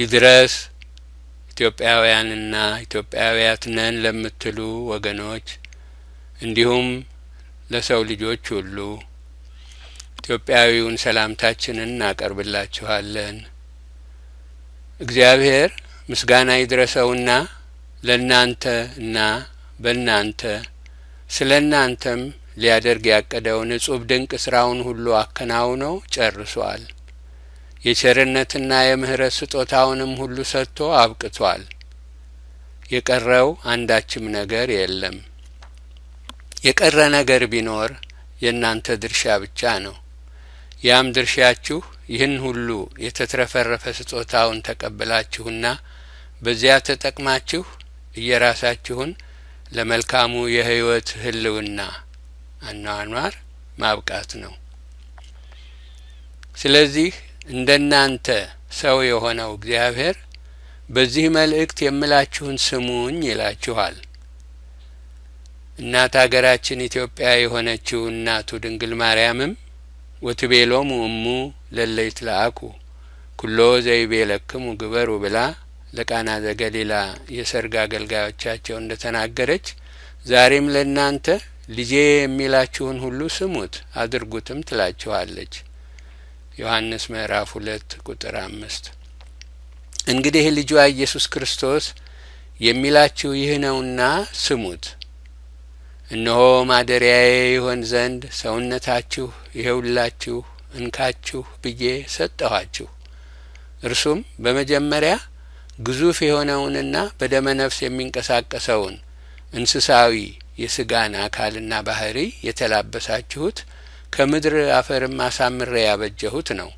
ይድረስ ኢትዮጵያውያንና ኢትዮጵያውያት ነን ለምትሉ ወገኖች እንዲሁም ለሰው ልጆች ሁሉ ኢትዮጵያዊውን ሰላምታችንን እናቀርብላችኋለን። እግዚአብሔር ምስጋና ይድረሰውና ለእናንተ እና በእናንተ ስለ እናንተም ሊያደርግ ያቀደውን እጹብ ድንቅ ስራውን ሁሉ አከናውነው ጨርሷል። የቸርነትና የምህረት ስጦታውንም ሁሉ ሰጥቶ አብቅቷል። የቀረው አንዳችም ነገር የለም። የቀረ ነገር ቢኖር የእናንተ ድርሻ ብቻ ነው። ያም ድርሻችሁ ይህን ሁሉ የተትረፈረፈ ስጦታውን ተቀብላችሁና በዚያ ተጠቅማችሁ እየራሳችሁን ለመልካሙ የህይወት ህልውና አኗኗር ማብቃት ነው። ስለዚህ እንደናንተ ሰው የሆነው እግዚአብሔር በዚህ መልእክት የምላችሁን ስሙኝ ይላችኋል። እናት አገራችን ኢትዮጵያ የሆነችው እናቱ ድንግል ማርያምም ወትቤሎሙ እሙ ለለይት ለአኩ ኩሎ ዘይቤለክሙ ግበሩ ብላ ለቃና ዘገሊላ የሰርግ አገልጋዮቻቸው እንደ ተናገረች ዛሬም ለእናንተ ልጄ የሚላችሁን ሁሉ ስሙት አድርጉትም ትላችኋለች። ዮሐንስ ምዕራፍ ሁለት ቁጥር አምስት እንግዲህ ልጇ ኢየሱስ ክርስቶስ የሚላችሁ ይህ ነውና ስሙት። እነሆ ማደሪያዬ ይሆን ዘንድ ሰውነታችሁ ይኸውላችሁ እንካችሁ ብዬ ሰጠኋችሁ። እርሱም በመጀመሪያ ግዙፍ የሆነውንና በደመ ነፍስ የሚንቀሳቀሰውን እንስሳዊ የስጋን አካልና ባህሪ የተላበሳችሁት ከምድር አፈርም አሳምሬ ያበጀሁት ነው።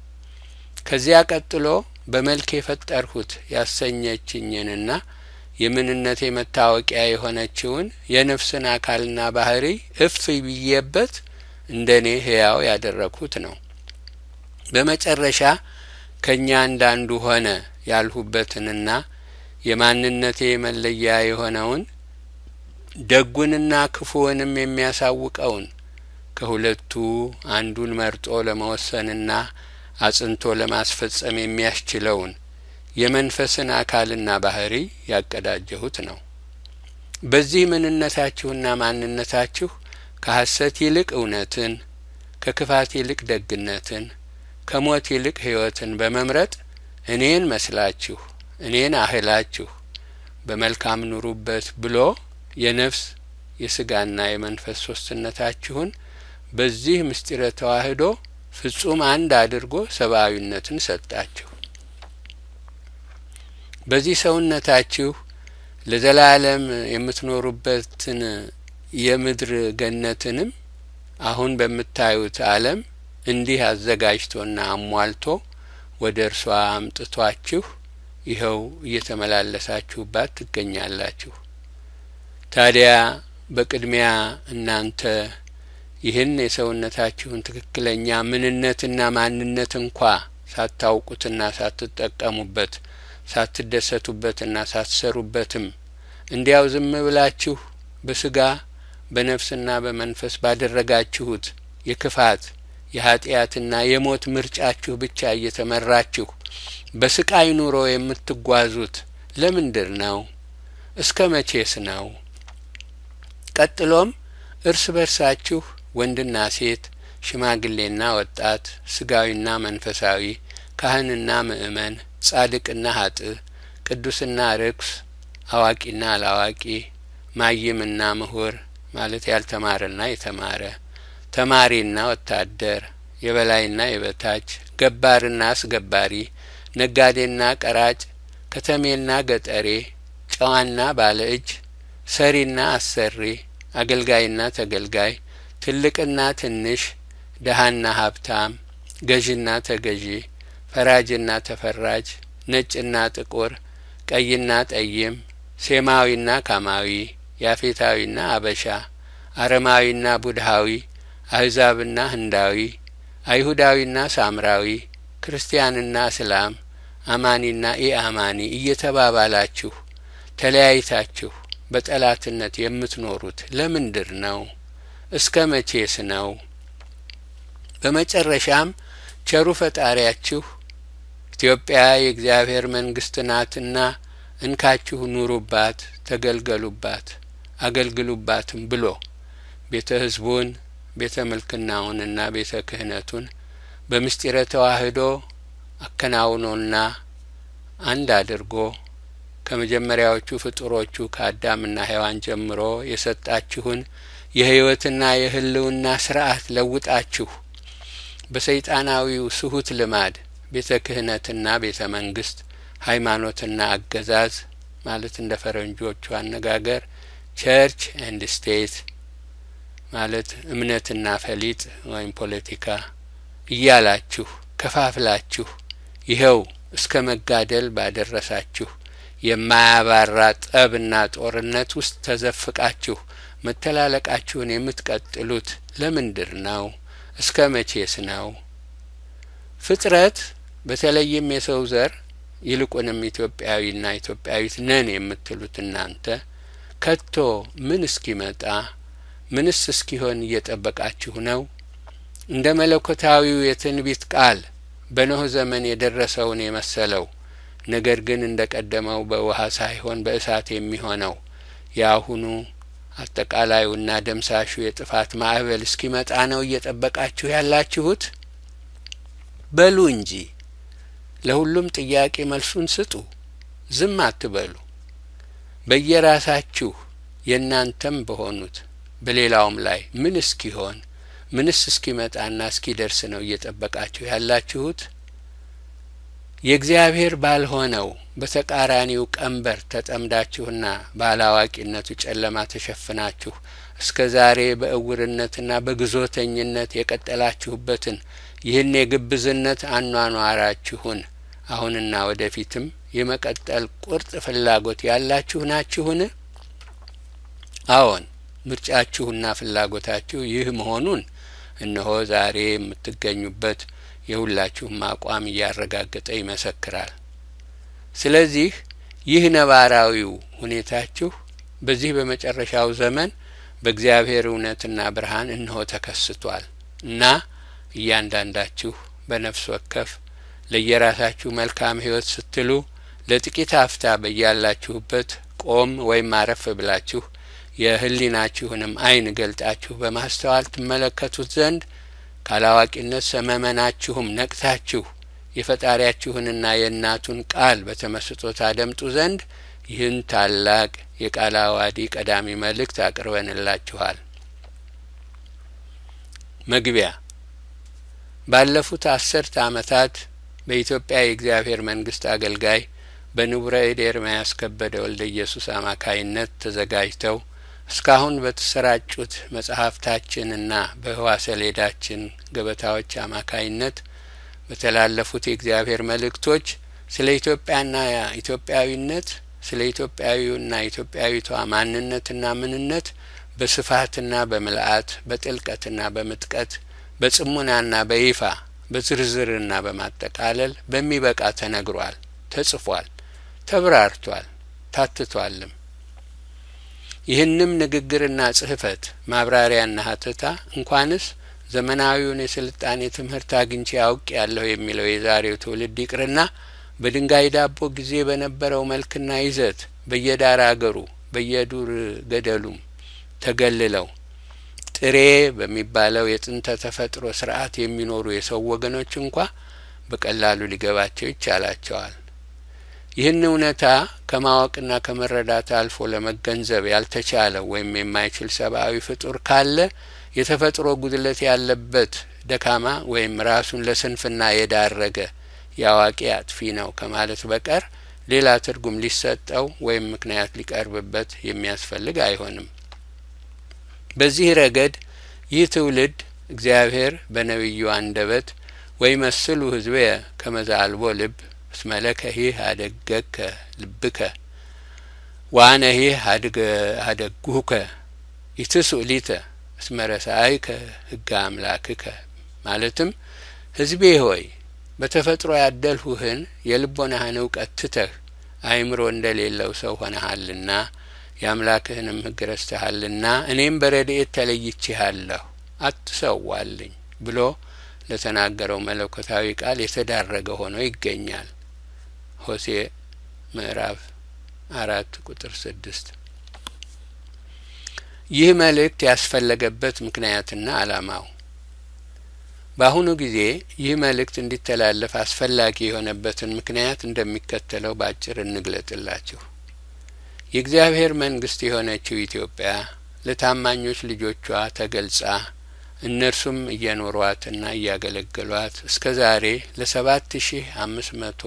ከዚያ ቀጥሎ በመልክ የፈጠርሁት ያሰኘችኝንና የምንነቴ መታወቂያ የሆነችውን የነፍስን አካልና ባህሪ እፍ ብዬበት እንደ እኔ ሕያው ያደረግሁት ነው። በመጨረሻ ከእኛ እንዳንዱ ሆነ ያልሁበትንና የማንነቴ መለያ የሆነውን ደጉንና ክፉውንም የሚያሳውቀውን ከሁለቱ አንዱን መርጦ ለመወሰንና አጽንቶ ለማስፈጸም የሚያስችለውን የመንፈስን አካልና ባህሪ ያቀዳጀሁት ነው። በዚህ ምንነታችሁና ማንነታችሁ ከሐሰት ይልቅ እውነትን፣ ከክፋት ይልቅ ደግነትን፣ ከሞት ይልቅ ሕይወትን በመምረጥ እኔን መስላችሁ እኔን አህላችሁ በመልካም ኑሩበት ብሎ የነፍስ የስጋና የመንፈስ ሶስትነታችሁን በዚህ ምስጢረ ተዋህዶ ፍጹም አንድ አድርጎ ሰብአዊነትን ሰጣችሁ። በዚህ ሰውነታችሁ ለዘላለም የምትኖሩበትን የምድር ገነትንም አሁን በምታዩት ዓለም እንዲህ አዘጋጅቶና አሟልቶ ወደ እርሷ አምጥቷችሁ ይኸው እየተመላለሳችሁባት ትገኛላችሁ። ታዲያ በቅድሚያ እናንተ ይህን የሰውነታችሁን ትክክለኛ ምንነትና ማንነት እንኳ ሳታውቁትና ሳትጠቀሙበት ሳትደሰቱበትና ሳትሰሩበትም እንዲያው ዝም ብላችሁ በስጋ በነፍስና በመንፈስ ባደረጋችሁት የክፋት የኃጢአትና የሞት ምርጫችሁ ብቻ እየተመራችሁ በስቃይ ኑሮ የምትጓዙት ለምንድር ነው? እስከ መቼስ ነው? ቀጥሎም እርስ በርሳችሁ ወንድና ሴት፣ ሽማግሌና ወጣት፣ ስጋዊና መንፈሳዊ፣ ካህንና ምእመን፣ ጻድቅና ሀጥ ቅዱስና ርኩስ፣ አዋቂና አላዋቂ፣ ማይምና ምሁር ማለት ያልተማረና የተማረ፣ ተማሪና ወታደር፣ የበላይና የበታች፣ ገባርና አስገባሪ፣ ነጋዴና ቀራጭ፣ ከተሜና ገጠሬ፣ ጨዋና ባለ እጅ፣ ሰሪና አሰሪ፣ አገልጋይና ተገልጋይ ትልቅና ትንሽ፣ ደሀና ሀብታም፣ ገዥና ተገዢ፣ ፈራጅና ተፈራጅ፣ ነጭና ጥቁር፣ ቀይና ጠይም፣ ሴማዊና ካማዊ፣ ያፌታዊና አበሻ፣ አረማዊና ቡድሃዊ፣ አህዛብና ህንዳዊ፣ አይሁዳዊና ሳምራዊ፣ ክርስቲያንና እስላም፣ አማኒና ኢአማኒ እየተባባላችሁ ተለያይታችሁ በጠላትነት የምትኖሩት ለምንድር ነው? እስከ መቼስ ነው? በመጨረሻም ቸሩ ፈጣሪያችሁ ኢትዮጵያ የእግዚአብሔር መንግስት ናትና እንካችሁ ኑሩባት፣ ተገልገሉባት፣ አገልግሉባትም ብሎ ቤተ ህዝቡን ቤተ ምልክናውንና ቤተ ክህነቱን በምስጢረ ተዋህዶ አከናውኖና አንድ አድርጎ ከመጀመሪያዎቹ ፍጡሮቹ ከአዳምና ሔዋን ጀምሮ የሰጣችሁን የህይወትና የህልውና ስርዓት ለውጣችሁ በሰይጣናዊው ስሁት ልማድ ቤተ ክህነትና ቤተ መንግስት ሃይማኖትና አገዛዝ ማለት እንደ ፈረንጆቹ አነጋገር ቸርች ኤንድ ስቴት ማለት እምነትና ፈሊጥ ወይም ፖለቲካ እያላችሁ ከፋፍላችሁ ይኸው እስከ መጋደል ባደረሳችሁ የማያባራ ጠብና ጦርነት ውስጥ ተዘፍቃችሁ መተላለቃችሁን የምትቀጥሉት ለምንድር ነው? እስከ መቼስ ነው? ፍጥረት በተለይም የሰው ዘር ይልቁንም ኢትዮጵያዊና ኢትዮጵያዊት ነን የምትሉት እናንተ ከቶ ምን እስኪመጣ ምንስ እስኪሆን እየጠበቃችሁ ነው? እንደ መለኮታዊው የትንቢት ቃል በኖህ ዘመን የደረሰውን የመሰለው ነገር ግን እንደ ቀደመው በውሃ ሳይሆን በእሳት የሚሆነው የአሁኑ አጠቃላዩና ደምሳሹ የጥፋት ማዕበል እስኪመጣ ነው እየጠበቃችሁ ያላችሁት? በሉ እንጂ ለሁሉም ጥያቄ መልሱን ስጡ። ዝም አትበሉ። በየራሳችሁ የእናንተም በሆኑት በሌላውም ላይ ምን እስኪሆን ምንስ እስኪመጣና እስኪደርስ ነው እየጠበቃችሁ ያላችሁት? የእግዚአብሔር ባልሆነው በተቃራኒው ቀንበር ተጠምዳችሁና ባላዋቂነቱ ጨለማ ተሸፍናችሁ እስከ ዛሬ በእውርነትና በግዞተኝነት የቀጠላችሁበትን ይህን የግብዝነት አኗኗራችሁን አሁንና ወደፊትም የመቀጠል ቁርጥ ፍላጎት ያላችሁ ናችሁን? አዎን፣ ምርጫችሁና ፍላጎታችሁ ይህ መሆኑን እነሆ ዛሬ የምትገኙበት የሁላችሁም አቋም እያረጋገጠ ይመሰክራል። ስለዚህ ይህ ነባራዊው ሁኔታችሁ በዚህ በመጨረሻው ዘመን በእግዚአብሔር እውነትና ብርሃን እንሆ ተከስቷል እና እያንዳንዳችሁ በነፍስ ወከፍ ለየራሳችሁ መልካም ሕይወት ስትሉ ለጥቂት አፍታ በያላችሁበት ቆም ወይም አረፍ ብላችሁ የህሊናችሁንም አይን ገልጣችሁ በማስተዋል ትመለከቱት ዘንድ ካላዋቂነት ሰመመናችሁም ነቅታችሁ የፈጣሪያችሁንና የእናቱን ቃል በተመስጦ ታደምጡ ዘንድ ይህን ታላቅ የቃለ አዋዲ ቀዳሚ መልእክት አቅርበንላችኋል። መግቢያ ባለፉት አስርት አመታት በኢትዮጵያ የእግዚአብሔር መንግስት አገልጋይ በንቡረ እድ ኤርምያስ ከበደ ወልደ ኢየሱስ አማካይነት ተዘጋጅተው እስካሁን በተሰራጩት መጽሐፍታችንና በህዋ ሰሌዳችን ገበታዎች አማካይነት በተላለፉት የእግዚአብሔር መልእክቶች ስለ ኢትዮጵያና ኢትዮጵያዊነት ስለ ኢትዮጵያዊውና ኢትዮጵያዊቷ ማንነትና ምንነት በስፋትና በምልአት በጥልቀትና በምጥቀት በጽሙናና በይፋ በዝርዝርና በማጠቃለል በሚበቃ ተነግሯል፣ ተጽፏል፣ ተብራርቷል፣ ታትቷልም። ይህንም ንግግርና ጽህፈት ማብራሪያና ሀተታ እንኳንስ ዘመናዊውን የስልጣኔ ትምህርት አግኝቼ አውቅ ያለሁ የሚለው የዛሬው ትውልድ ይቅርና በድንጋይ ዳቦ ጊዜ በነበረው መልክና ይዘት በየዳር አገሩ በየዱር ገደሉም ተገልለው ጥሬ በሚባለው የጥንተ ተፈጥሮ ስርዓት የሚኖሩ የሰው ወገኖች እንኳ በቀላሉ ሊገባቸው ይቻላቸዋል። ይህን እውነታ ከማወቅና ከመረዳት አልፎ ለመገንዘብ ያልተቻለ ወይም የማይችል ሰብአዊ ፍጡር ካለ የተፈጥሮ ጉድለት ያለበት ደካማ ወይም ራሱን ለስንፍና የዳረገ የአዋቂ አጥፊ ነው ከማለት በቀር ሌላ ትርጉም ሊሰጠው ወይም ምክንያት ሊቀርብበት የሚያስፈልግ አይሆንም። በዚህ ረገድ ይህ ትውልድ እግዚአብሔር በነቢዩ አንደበት መስሉ ህዝቤ ከመዛልቦ ልብ እስመለከ ሂህ አደገከ ልብከ ዋነ ሂህ አደጉህከ ኢትስኡሊተ እስመረሰአይከ ህግ አምላክከ ማለትም ህዝቤ ሆይ በተፈጥሮ ያደልሁህን የልቦናህን እውቀት ትተህ አይምሮ እንደሌለው ሰው ሆነሃልና የአምላክህንም ህግ ረስተሃልና እኔም በረድኤት ተለይቼሃለሁ አትሰዋልኝ ብሎ ለተናገረው መለኮታዊ ቃል የተዳረገ ሆኖ ይገኛል። ሆሴ ምዕራፍ አራት ቁጥር ስድስት ይህ መልእክት ያስፈለገበት ምክንያትና አላማው በአሁኑ ጊዜ ይህ መልእክት እንዲተላለፍ አስፈላጊ የሆነበትን ምክንያት እንደሚከተለው በአጭር እንግለጥላችሁ። የእግዚአብሔር መንግስት የሆነችው ኢትዮጵያ ለታማኞች ልጆቿ ተገልጻ እነርሱም እየኖሯትና እያገለገሏት እስከ ዛሬ ለሰባት ሺህ አምስት መቶ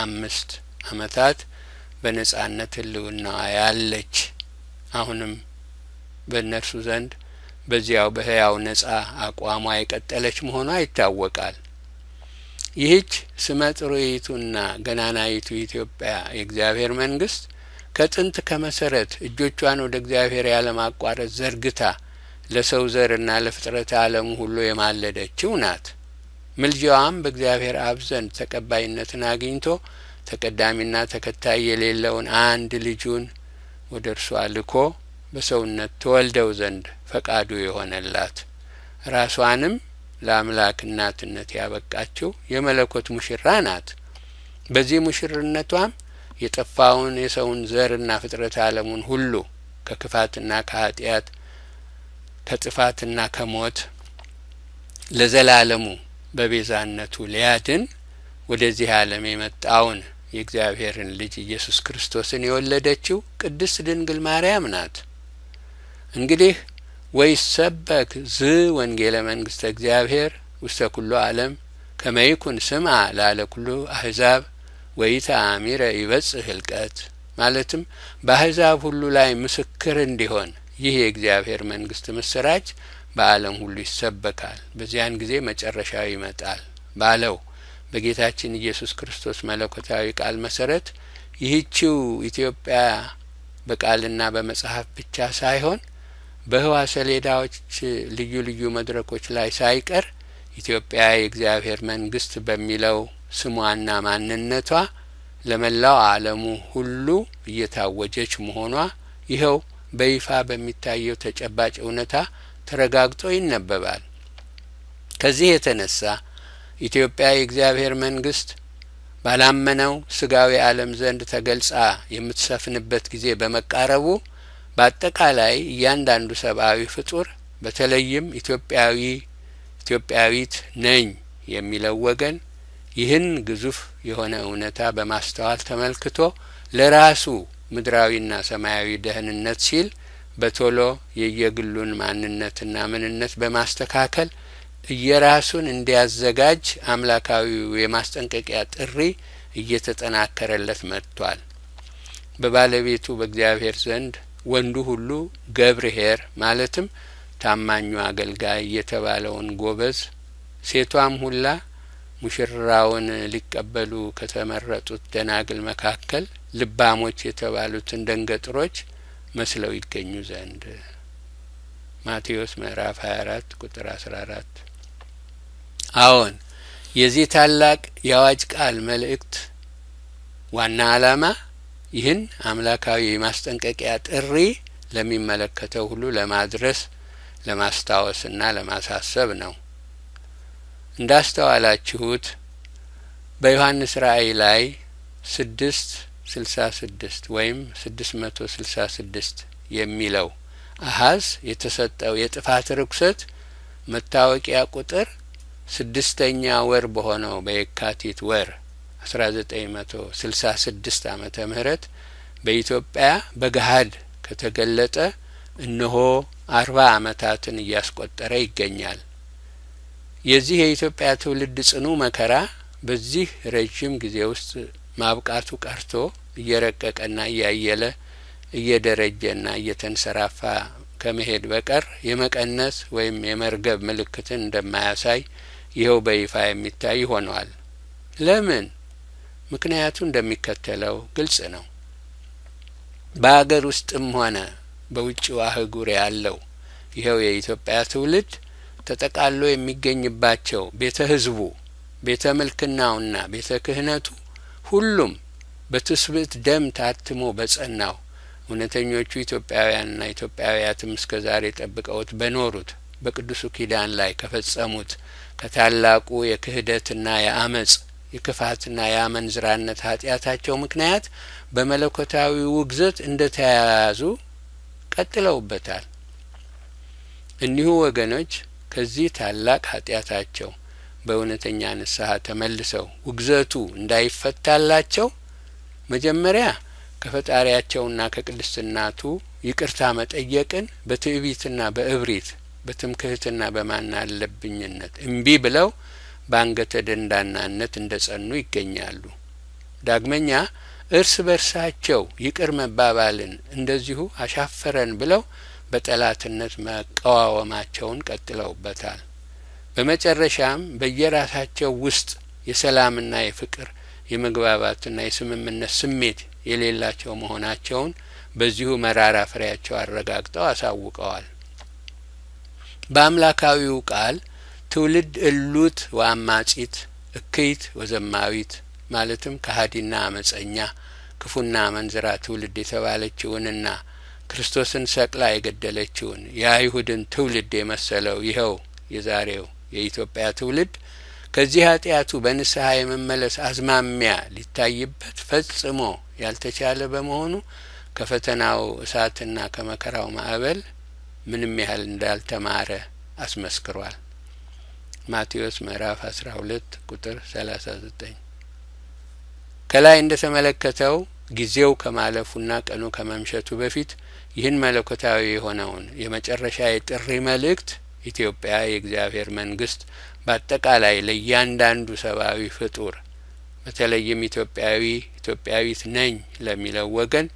አምስት አመታት በነጻነት ህልውና ያለች አሁንም በእነርሱ ዘንድ በዚያው በህያው ነጻ አቋሟ የቀጠለች መሆኗ ይታወቃል። ይህች ስመ ስመጥሩይቱና ገናናይቱ ኢትዮጵያ የእግዚአብሔር መንግስት ከጥንት ከመሰረት እጆቿን ወደ እግዚአብሔር ያለማቋረጥ ዘርግታ ለሰው ዘርና ለፍጥረት ዓለሙ ሁሉ የማለደችው ናት። ምልጃዋም በእግዚአብሔር አብ ዘንድ ተቀባይነትን አግኝቶ ተቀዳሚና ተከታይ የሌለውን አንድ ልጁን ወደ እርሷ ልኮ በሰውነት ተወልደው ዘንድ ፈቃዱ የሆነላት ራሷንም ለአምላክ እናትነት ያበቃችው የመለኮት ሙሽራ ናት። በዚህ ሙሽርነቷም የጠፋውን የሰውን ዘርና ፍጥረት ዓለሙን ሁሉ ከክፋትና ከኃጢአት ከጥፋትና ከሞት ለዘላለሙ በቤዛነቱ ሊያድን ወደዚህ ዓለም የመጣውን የእግዚአብሔርን ልጅ ኢየሱስ ክርስቶስን የወለደችው ቅድስት ድንግል ማርያም ናት። እንግዲህ ወይሰበክ ዝ ወንጌለ መንግስተ እግዚአብሔር ውስተ ኩሉ ዓለም ከመይኩን ስምዓ ላለ ኩሉ አህዛብ ወይተአሚረ ይበጽህ ህልቀት ማለትም በአህዛብ ሁሉ ላይ ምስክር እንዲሆን ይህ የእግዚአብሔር መንግስት ምስራች በዓለም ሁሉ ይሰበካል፣ በዚያን ጊዜ መጨረሻው ይመጣል ባለው በጌታችን ኢየሱስ ክርስቶስ መለኮታዊ ቃል መሰረት ይህችው ኢትዮጵያ በቃልና በመጽሐፍ ብቻ ሳይሆን በህዋ ሰሌዳዎች ልዩ ልዩ መድረኮች ላይ ሳይቀር ኢትዮጵያ የእግዚአብሔር መንግስት በሚለው ስሟና ማንነቷ ለመላው ዓለሙ ሁሉ እየታወጀች መሆኗ ይኸው በይፋ በሚታየው ተጨባጭ እውነታ ተረጋግጦ ይነበባል። ከዚህ የተነሳ ኢትዮጵያ የእግዚአብሔር መንግስት ባላመነው ስጋዊ ዓለም ዘንድ ተገልጻ የምትሰፍንበት ጊዜ በመቃረቡ በአጠቃላይ እያንዳንዱ ሰብአዊ ፍጡር በተለይም ኢትዮጵያዊ ኢትዮጵያዊት ነኝ የሚለው ወገን ይህን ግዙፍ የሆነ እውነታ በማስተዋል ተመልክቶ ለራሱ ምድራዊና ሰማያዊ ደህንነት ሲል በቶሎ የየግሉን ማንነትና ምንነት በማስተካከል እየራሱን እንዲያዘጋጅ አምላካዊው የማስጠንቀቂያ ጥሪ እየተጠናከረለት መጥቷል። በባለቤቱ በእግዚአብሔር ዘንድ ወንዱ ሁሉ ገብርሄር ማለትም ታማኙ አገልጋይ የተባለውን ጎበዝ ሴቷም ሁላ ሙሽራውን ሊቀበሉ ከተመረጡት ደናግል መካከል ልባሞች የተባሉትን ደንገጥሮች መስለው ይገኙ ዘንድ ማቴዎስ ምዕራፍ ሀያ አራት ቁጥር አስራ አራት አዎን የዚህ ታላቅ የአዋጅ ቃል መልእክት ዋና አላማ ይህን አምላካዊ የማስጠንቀቂያ ጥሪ ለሚመለከተው ሁሉ ለማድረስ ለማስታወስና ለማሳሰብ ነው። እንዳስተዋላችሁት በዮሐንስ ራእይ ላይ ስድስት ስልሳ ስድስት ወይም ስድስት መቶ ስልሳ ስድስት የሚለው አሀዝ የተሰጠው የጥፋት ርኩሰት መታወቂያ ቁጥር ስድስተኛ ወር በሆነው በየካቲት ወር አስራ ዘጠኝ መቶ ስልሳ ስድስት አመተ ምህረት በኢትዮጵያ በገሀድ ከተገለጠ እነሆ አርባ አመታትን እያስቆጠረ ይገኛል። የዚህ የኢትዮጵያ ትውልድ ጽኑ መከራ በዚህ ረዥም ጊዜ ውስጥ ማብቃቱ ቀርቶ እየረቀቀና እያየለ እየደረጀና እየተንሰራፋ ከመሄድ በቀር የመቀነስ ወይም የመርገብ ምልክትን እንደማያሳይ ይኸው በይፋ የሚታይ ሆነዋል። ለምን? ምክንያቱ እንደሚከተለው ግልጽ ነው። በአገር ውስጥም ሆነ በውጭው አህጉር ያለው ይኸው የኢትዮጵያ ትውልድ ተጠቃሎ የሚገኝባቸው ቤተ ህዝቡ ቤተ መልክናውና ቤተ ክህነቱ ሁሉም በትስብት ደም ታትሞ በጸናው እውነተኞቹ ኢትዮጵያውያንና ኢትዮጵያውያትም እስከ ዛሬ ጠብቀውት በኖሩት በቅዱሱ ኪዳን ላይ ከፈጸሙት ከታላቁ የክህደትና የአመጽ የክፋትና የአመንዝራነት ኃጢአታቸው ምክንያት በመለኮታዊ ውግዘት እንደ ተያያዙ ቀጥለውበታል። እኒሁ ወገኖች ከዚህ ታላቅ ኃጢአታቸው በእውነተኛ ንስሐ ተመልሰው ውግዘቱ እንዳይፈታላቸው መጀመሪያ ከፈጣሪያቸውና ከቅድስትናቱ ይቅርታ መጠየቅን በትዕቢትና በእብሪት በትምክህትና በማናለብኝነት እምቢ ብለው በአንገተ ደንዳናነት እንደ ጸኑ ይገኛሉ። ዳግመኛ እርስ በርሳቸው ይቅር መባባልን እንደዚሁ አሻፈረን ብለው በጠላትነት መቀዋወማቸውን ቀጥለውበታል። በመጨረሻም በየራሳቸው ውስጥ የሰላምና የፍቅር የመግባባትና የስምምነት ስሜት የሌላቸው መሆናቸውን በዚሁ መራራ ፍሬያቸው አረጋግጠው አሳውቀዋል። በአምላካዊው ቃል ትውልድ እሉት ወአማጺት እክይት ወዘማዊት ማለትም ከሀዲና አመጸኛ ክፉና መንዝራ ትውልድ የተባለችውንና ክርስቶስን ሰቅላ የገደለችውን የአይሁድን ትውልድ የመሰለው ይኸው የዛሬው የኢትዮጵያ ትውልድ ከዚህ ኃጢአቱ በንስሐ የመመለስ አዝማሚያ ሊታይበት ፈጽሞ ያልተቻለ በመሆኑ ከፈተናው እሳትና ከመከራው ማዕበል ምንም ያህል እንዳልተማረ አስመስክሯል። ማቴዎስ ምዕራፍ አስራ ሁለት ቁጥር ሰላሳ ዘጠኝ ከላይ እንደ ተመለከተው ጊዜው ከማለፉና ቀኑ ከመምሸቱ በፊት ይህን መለኮታዊ የሆነውን የመጨረሻ የጥሪ መልእክት ኢትዮጵያ የእግዚአብሔር መንግስት በአጠቃላይ ለእያንዳንዱ ሰብአዊ ፍጡር በተለይም ኢትዮጵያዊ ኢትዮጵያዊት ነኝ ለሚለው ወገን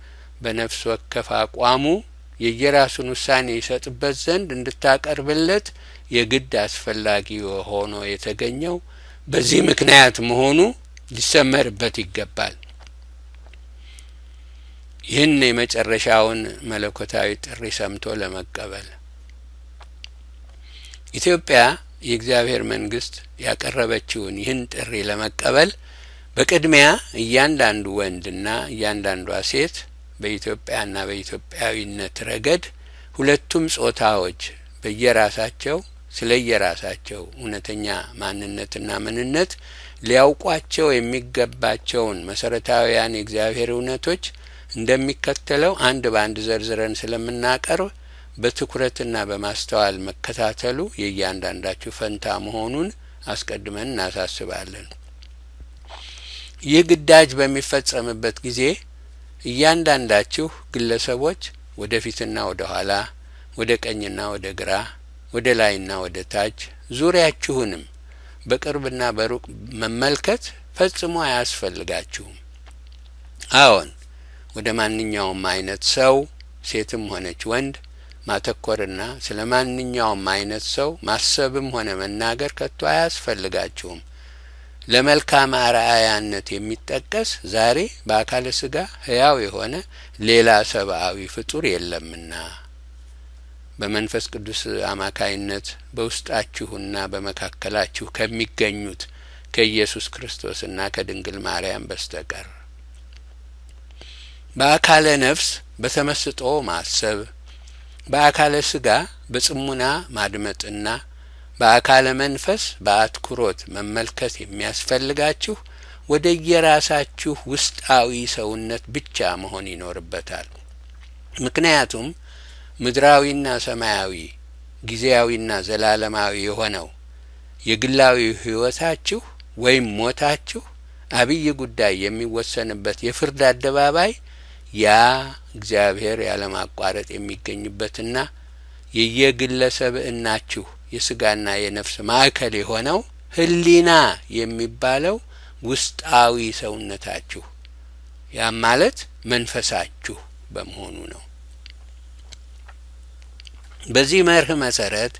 በነፍስ ወከፍ አቋሙ የየራሱን ውሳኔ ይሰጥበት ዘንድ እንድታቀርብለት የግድ አስፈላጊ ሆኖ የተገኘው በዚህ ምክንያት መሆኑ ሊሰመርበት ይገባል። ይህን የመጨረሻውን መለኮታዊ ጥሪ ሰምቶ ለመቀበል ኢትዮጵያ የእግዚአብሔር መንግስት ያቀረበችውን ይህን ጥሪ ለመቀበል በቅድሚያ እያንዳንዱ ወንድና እያንዳንዷ ሴት በኢትዮጵያና በኢትዮጵያዊነት ረገድ ሁለቱም ጾታዎች በየራሳቸው ስለየራሳቸው እውነተኛ ማንነትና ምንነት ሊያውቋቸው የሚገባቸውን መሰረታዊያን የእግዚአብሔር እውነቶች እንደሚከተለው አንድ በአንድ ዘርዝረን ስለምናቀርብ በትኩረትና በማስተዋል መከታተሉ የእያንዳንዳችሁ ፈንታ መሆኑን አስቀድመን እናሳስባለን። ይህ ግዳጅ በሚፈጸምበት ጊዜ እያንዳንዳችሁ ግለሰቦች ወደፊትና ወደ ኋላ፣ ወደ ቀኝና ወደ ግራ፣ ወደ ላይና ወደ ታች ዙሪያችሁንም በቅርብና በሩቅ መመልከት ፈጽሞ አያስፈልጋችሁም። አዎን ወደ ማንኛውም አይነት ሰው ሴትም ሆነች ወንድ ማተኮርና ስለ ማንኛውም አይነት ሰው ማሰብም ሆነ መናገር ከቶ አያስፈልጋችሁም። ለመልካም አርአያነት የሚጠቀስ ዛሬ በአካለ ስጋ ህያው የሆነ ሌላ ሰብአዊ ፍጡር የለምና በመንፈስ ቅዱስ አማካይነት በውስጣችሁና በመካከላችሁ ከሚገኙት ከኢየሱስ ክርስቶስና ከድንግል ማርያም በስተቀር በአካለ ነፍስ በተመስጦ ማሰብ በአካለ ስጋ በጽሙና ማድመጥና በአካለ መንፈስ በአትኩሮት መመልከት የሚያስፈልጋችሁ ወደ የራሳችሁ ውስጣዊ ሰውነት ብቻ መሆን ይኖርበታል። ምክንያቱም ምድራዊና ሰማያዊ፣ ጊዜያዊና ዘላለማዊ የሆነው የግላዊ ህይወታችሁ ወይም ሞታችሁ አብይ ጉዳይ የሚወሰንበት የፍርድ አደባባይ ያ እግዚአብሔር ያለማቋረጥ የሚገኝበትና እናችሁ የስጋና የነፍስ ማዕከል የሆነው ህሊና የሚባለው ውስጣዊ ሰውነታችሁ ያም ማለት መንፈሳችሁ በመሆኑ ነው። በዚህ መርህ መሰረት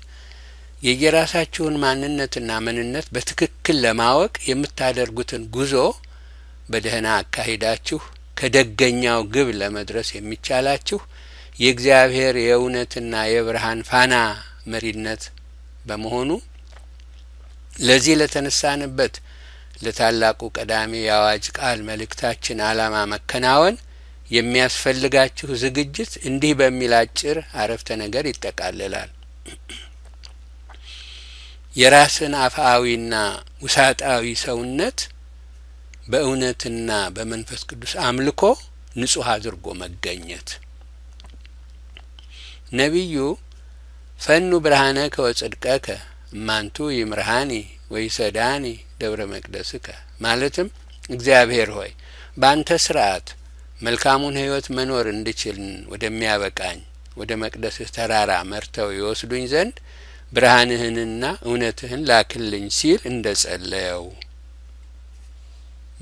የየራሳችሁን ማንነትና ምንነት በትክክል ለማወቅ የምታደርጉትን ጉዞ በደህና አካሂዳችሁ ከደገኛው ግብ ለመድረስ የሚቻላችሁ የእግዚአብሔር የእውነትና የብርሃን ፋና መሪነት በመሆኑ ለዚህ ለተነሳንበት ለታላቁ ቀዳሚ የአዋጅ ቃል መልእክታችን አላማ መከናወን የሚያስፈልጋችሁ ዝግጅት እንዲህ በሚል አጭር አረፍተ ነገር ይጠቃልላል። የራስን አፍአዊና ውሳጣዊ ሰውነት በእውነትና በመንፈስ ቅዱስ አምልኮ ንጹህ አድርጎ መገኘት። ነቢዩ ፈኑ ብርሃነ ከወጽድቀከ እማንቱ ይምርሃኒ ሰዳኒ ደብረ መቅደስከ ማለትም እግዚአብሔር ሆይ በአንተ ስርዓት መልካሙን ህይወት መኖር እንድችል ወደሚያበቃኝ ወደ መቅደስህ ተራራ መርተው ይወስዱኝ ዘንድ ብርሃንህንና እውነትህን ላክልኝ ሲል እንደ ጸለየው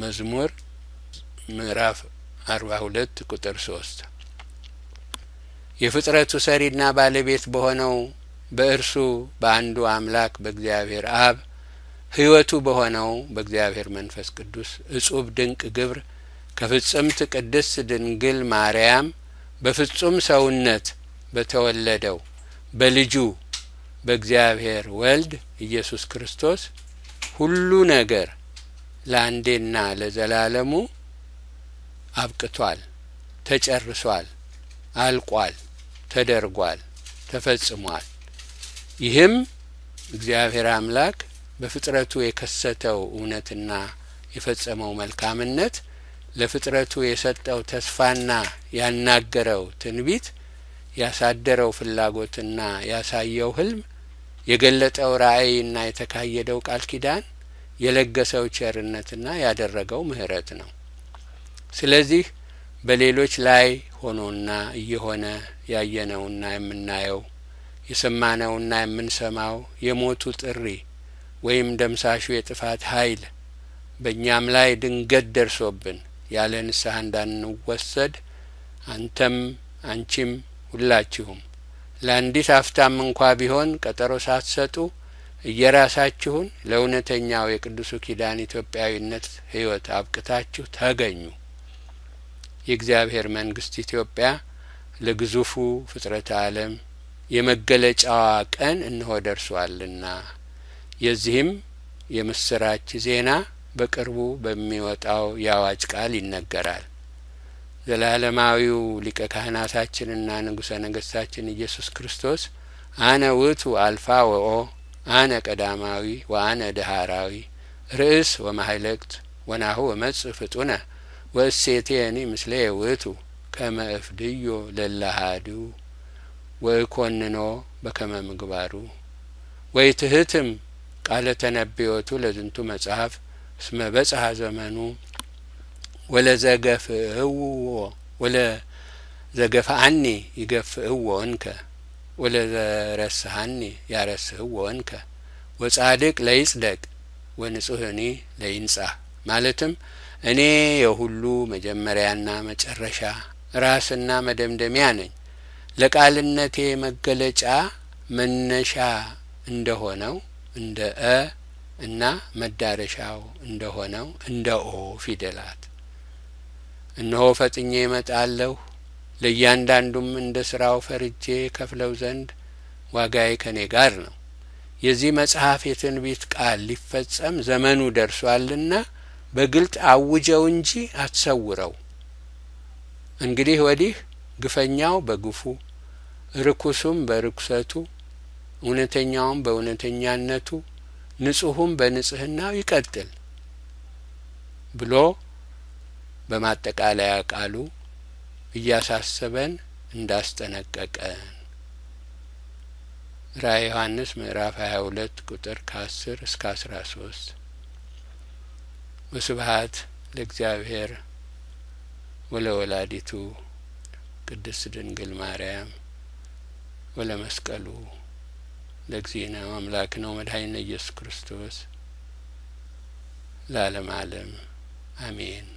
መዝሙር ምዕራፍ አርባ ሁለት ቁጥር ሶስት የፍጥረቱ ሰሪና ባለቤት በሆነው በእርሱ በአንዱ አምላክ በእግዚአብሔር አብ ሕይወቱ በሆነው በእግዚአብሔር መንፈስ ቅዱስ እጹብ ድንቅ ግብር ከፍጽምት ቅድስት ድንግል ማርያም በፍጹም ሰውነት በተወለደው በልጁ በእግዚአብሔር ወልድ ኢየሱስ ክርስቶስ ሁሉ ነገር ለአንዴና ለዘላለሙ አብቅቷል፣ ተጨርሷል፣ አልቋል፣ ተደርጓል፣ ተፈጽሟል። ይህም እግዚአብሔር አምላክ በፍጥረቱ የከሰተው እውነትና የፈጸመው መልካምነት ለፍጥረቱ የሰጠው ተስፋና ያናገረው ትንቢት ያሳደረው ፍላጎትና ያሳየው ህልም የገለጠው ራእይና የተካሄደው ቃል ኪዳን የለገሰው ቸርነትና ያደረገው ምህረት ነው። ስለዚህ በሌሎች ላይ ሆኖና እየሆነ ያየነውና የምናየው የሰማነውና የምንሰማው የሞቱ ጥሪ ወይም ደምሳሹ የጥፋት ኃይል በእኛም ላይ ድንገት ደርሶብን ያለ ንስሐ እንዳንወሰድ አንተም አንቺም ሁላችሁም ለአንዲት አፍታም እንኳ ቢሆን ቀጠሮ ሳትሰጡ እየራሳችሁን ለእውነተኛው የቅዱሱ ኪዳን ኢትዮጵያዊነት ሕይወት አብቅታችሁ ተገኙ። የእግዚአብሔር መንግስት ኢትዮጵያ ለግዙፉ ፍጥረት ዓለም የመገለጫዋ ቀን እንሆ ደርሷልና የዚህም የምስራች ዜና በቅርቡ በሚወጣው የአዋጅ ቃል ይነገራል። ዘላለማዊው ሊቀ ካህናታችንና ንጉሠ ነገስታችን ኢየሱስ ክርስቶስ አነ ውእቱ አልፋ ወኦ አነ ቀዳማዊ ወአነ ድሃራዊ ርእስ ወማሀይለቅት ወናሁ ወመጽ ፍጡነ ወእሴቴኒ ምስሌ ውእቱ ከመ እፍድዮ ለለሃዱ ወእኮንኖ በከመ ምግባሩ ወይ ትህትም ቃለ ተነቢዮቱ ለዝንቱ መጽሐፍ እስመ በጽሐ ዘመኑ ወለዘገፍእዎ ወለዘገፍአኒ ይገፍእዎ እንከ ወለዘረስሀኒ ያረስህ ወንከ ወጻድቅ ለይጽደቅ ወንጹህኒ ለይንጻህ ማለትም እኔ የሁሉ መጀመሪያና መጨረሻ ራስና መደምደሚያ ነኝ። ለቃልነቴ መገለጫ መነሻ እንደሆነው እንደ እ እና መዳረሻው እንደሆነው እንደ ኦ ፊደላት እነሆ ፈጥኜ እመጣለሁ ለእያንዳንዱም እንደ ስራው ፈርጄ ከፍለው ዘንድ ዋጋዬ ከኔ ጋር ነው። የዚህ መጽሐፍ የትንቢት ቃል ሊፈጸም ዘመኑ ደርሷልና በግልጥ አውጀው እንጂ አትሰውረው። እንግዲህ ወዲህ ግፈኛው በግፉ ርኩሱም በርኩሰቱ እውነተኛውም በእውነተኛነቱ ንጹሁም በንጽህናው ይቀጥል ብሎ በማጠቃለያ ቃሉ እያሳሰበን እንዳስጠነቀቀን ራ ዮሐንስ ምዕራፍ ሀያ ሁለት ቁጥር ከአስር እስከ አስራ ሶስት ወስብሀት ለእግዚአብሔር ወለወላዲቱ ቅድስት ድንግል ማርያም ወለ ወለመስቀሉ ለእግዚእነ ነው ወመድኃኒነ ኢየሱስ ክርስቶስ ለዓለመ ዓለም አሜን።